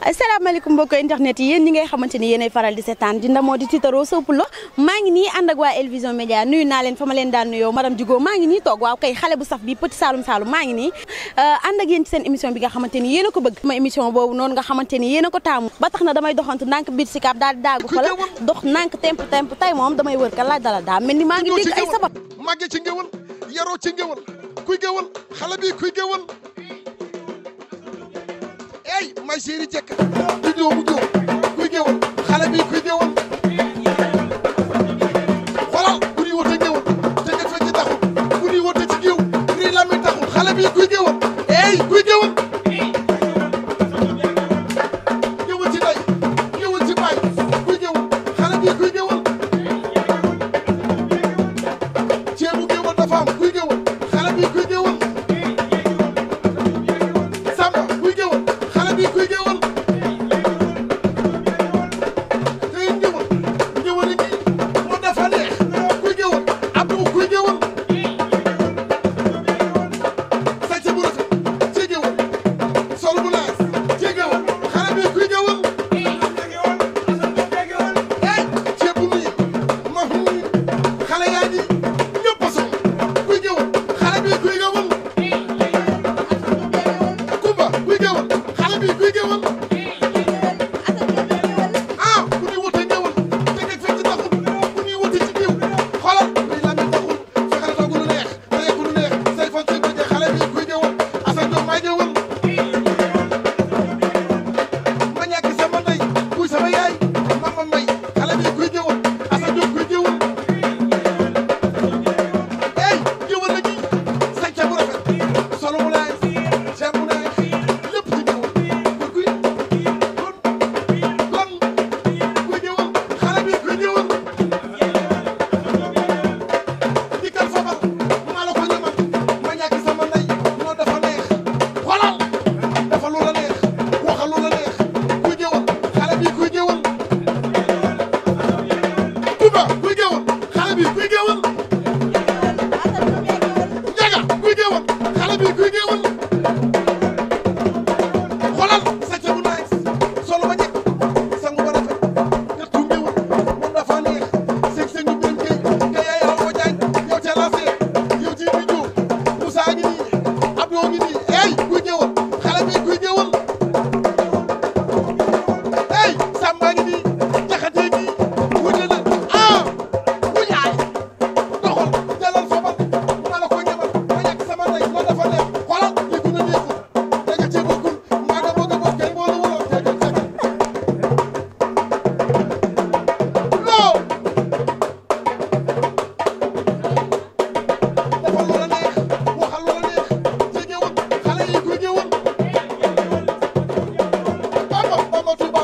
asalaamaaleykum mbokk internet yi yéen ñi ngay xamante ni yéenay faral di seetaan di ndamoo di tiitaroo sëpp la maa ngi nii ànd ak waa El Média nuyu naa leen fa ma leen daan nuyoo madame Djigo maa ngi nii toog waaw kay xale bu saf bi petit Saloum Saloum maa ngi nii euh, ànd ak yéen ci seen émission bi nga xamante ni yéen a ko bëgg ma émission boobu noonu nga xamante ni yéen a ko taamu ba tax na damay doxantu ndànk biir si kaab daal di daagu mel yaay ma chérie jëkk di doomu jóo kuy géwal xale bi kuy géwal xoolal bu ñuy wote te nga fecc taxul bu ñuy wote ci géew rii xale bi kuy géwal ey kuy géwal géwal ci day géwal xale bi kuy géwal সর্বনা able to